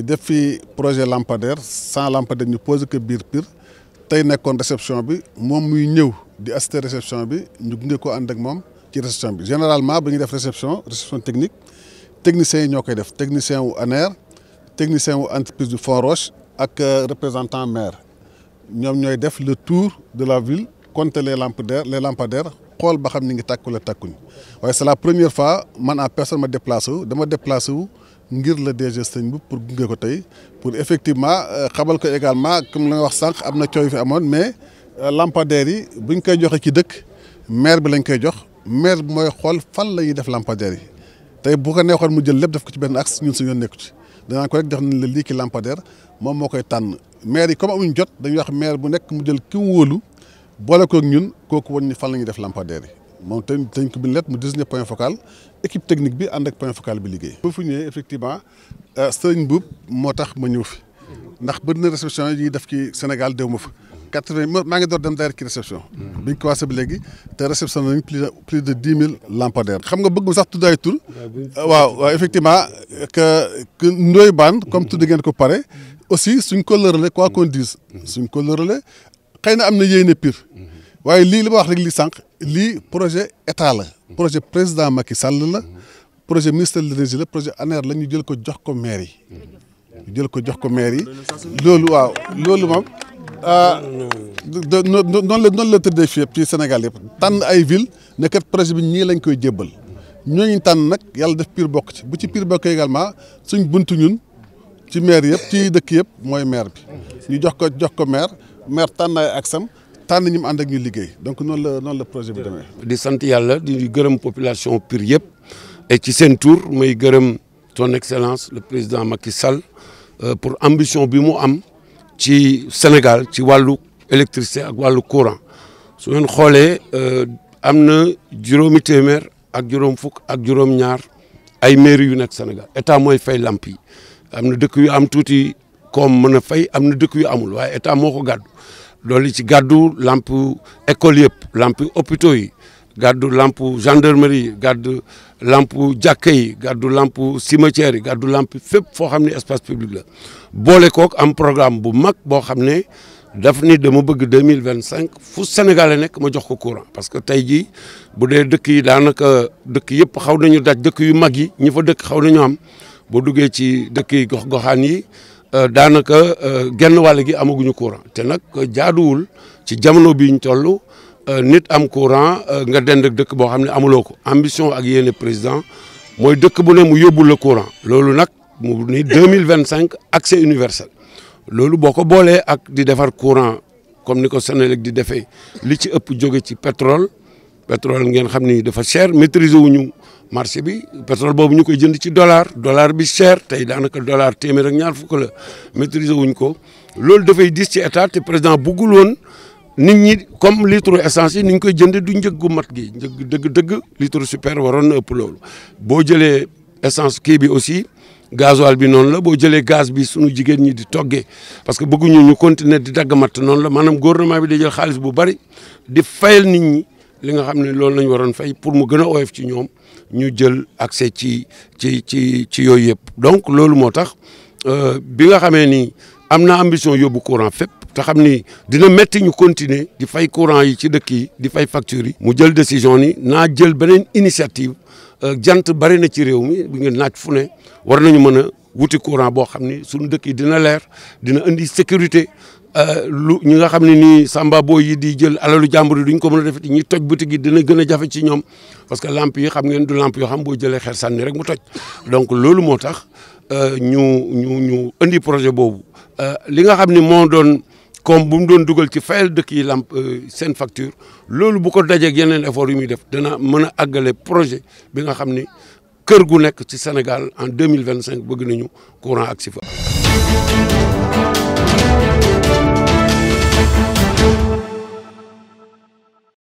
ñu def fi projet lampadaire sans lampadaire ñu posé que bir Pire tey nekkoon réception bi moom muy ñëw di assister réception bi ñu gunge ko ànd ak moom ci réception bi généralement bu ñuy def réception réception technique technicien yi ñoo koy def technicien wu ANER technicien wu entreprise du Fond Roche ak euh, représentant maire ñoom ñooy def le tour de la ville compter les lampadaires les lampadaires xool ba xam ni ngi takku la takkuñ waaye c'est la première fois man en personne ma déplacé wu dama déplacé wu ngir la DG Sëñ Mboup pour gunge ko tay pour effectivement euh, xamal ko également comme la wax sank amna na fi amone mais euh, lampadaires yi buñ koy joxe ci dëkk maire bi lañ koy jox maire moy xol fan la def lampadaires yi tey bu ko neexoon mu jël lepp def ko ci ben axe ñun suñu yoon nekku ci danaa ko rek def na li ki lampadaire mom mo koy tànn maire yi comme amuñ jot dañ wax maire bu nekk mu jël ki wolu wóolu boole kook ñun kooku woon ni fan la def lampadaires yi moom tamit dañ ko mu désigné point focal équipe technique bi and ak point focal bi liggéey. ba fu ñëwee effectivement euh, sëriñ buub motax ma ñu fi ndax bëri na réception yi def ci Sénégal déw fa 80 ma ngi door dem d'ailleurs ci réception. Hmm. biñ commencé ba léegi te réception nañ plus de plus de dix lampadaires. xam nga bëgg sax tudd ay tur. waaw effectivement que que Ndoye Bane comme tudd ngeen ko paré aussi suñ ko lëralee quoi qu'on dise. Hmm. suñ ko lëralee xëy na am na yéene pire. waaye lii li ma wax rek li sànq lii projet état la projet président Macky Sall la projet ministère de l'énergie la projet ANER la ñu jël ko jox ko maire yi jël ko jox ko maire yi loolu waaw loolu moom ah, noonu la noonu la tëddee yëpp ci Sénégal yëpp tànn ay ville ne kat projet bi ñii lañ koy jébbal ñooñu tànn nag yàlla def pire bokk ci bu ci pire bokk également suñ bunt ñun ci maire yëpp ci dëkk yëpp mooy maire bi ñu jox ko jox ko mair maire tànn ay aksam tànn ñi and ak ñu liggéey donc non le non le projet bi demee. di sante yalla di gëreum population Pire yépp et ci sen tour may gëreum ton excellence le président Macky Sall euh, pour ambition bi mu am ci Sénégal ci walu électricité ak walu courant su ngeen xolé euh amna juróomi téeméer ak juróom fuk ak juróom-ñaar ay mairie yu nekk Sénégal état moy fay lampi amna dëkk yu am touti comme mën fay amna dëkk yu amul waaye état moko gaddu loolu ci gàddu lamp école yëpp lamp hôpitaux yi gàddu lamp gendarmerie yi gàddu lamp jàkka yi gàddu lamp cimetière yi gàddu lamp fépp foo xam ne espace public la boole kook am programme bu mag boo xam ne daf ni mu bëgg deux mille vingt cinq fu Sénégal nekk ma jox ko courant parce que tey jii bu dee dëkk yi daanaka dëkk yëpp xaw nañu daj dëkk yu mag yi ñu fa dëkk xaw nañu am boo duggee ci dëkk yi gox goxaan yi Euh, daanaka euh, genn wàll gi amaguñu courant te nag euh, jaaduwul ci jamono bi ñu toll nit am courant nga dend dëkk boo xam ne amuloo ko ambition ak yéene président mooy dëkk bu ne mu yóbbul la courant loolu nag mu ni deux mille vingt cinq accès universel loolu boo ko boolee ak di defar courant comme ni ko Senelec di defee li ci ëpp jóge ci pétrole. pétrole ngeen xamni dafa cher maîtriser wuñu marché bi pétrole bobu ñukoy jënd ci dollar dollar bi cher tey daanaka dollar téeméer ak ñaar fukk la maîtriser wuñ ko loolu dafay diis ci état te président buggul won nit ñi comme litre essence yi ni ñu koy jënd du njëg gu mat gi njëg deug deug litre super waron na ëpp lool bo jëlé essence kii bi aussi gasoil bi non la bo jëlé gaz bi suñu jigéen ñi di toggé parce que bëggu ñu continuer di dagg mat non la manam gouvernement bi di jël xaalis bu bari di fayal nit ñi li nga xam ne loolu lañ waroon fay pour mu gën a oyof ci ñoom ñu jël accès ci ci ci ci yooyu yëpp donc loolu moo tax euh, bi nga xamee ni am na ambition yóbbu courant fépp te xam ni dina métti ñu continuer di fay courant yi ci dëkk yi di fay factures yi mu jël décision ni naa jël beneen initiative euh, jant bari na ci réew mi bi ngeen naaj fune ne war nañu mën a wuti courant bo xamni suñu dëkk yi dina leer dina indi sécurité euh, lu ñi nga xamni ni samba boy yi di jël alalu jambru duñ ko mëna def ñi toj boutique yi dina gëna jafé ci ñom parce que lampe yi xam ngeen du lampe yo xam bo jëlé xër sanni rek mu toj donc lolu motax euh, ñu ñu ñu indi projet bobu euh, li nga xamni mo doon comme bu doon duggal ci fayal dëkk yi lampe sen facture lolu bu ko dajé ak yeneen effort yu muy def dana mëna agalé projet bi nga xamni kër gu Sénégal en 2025 bëgg courant Actif.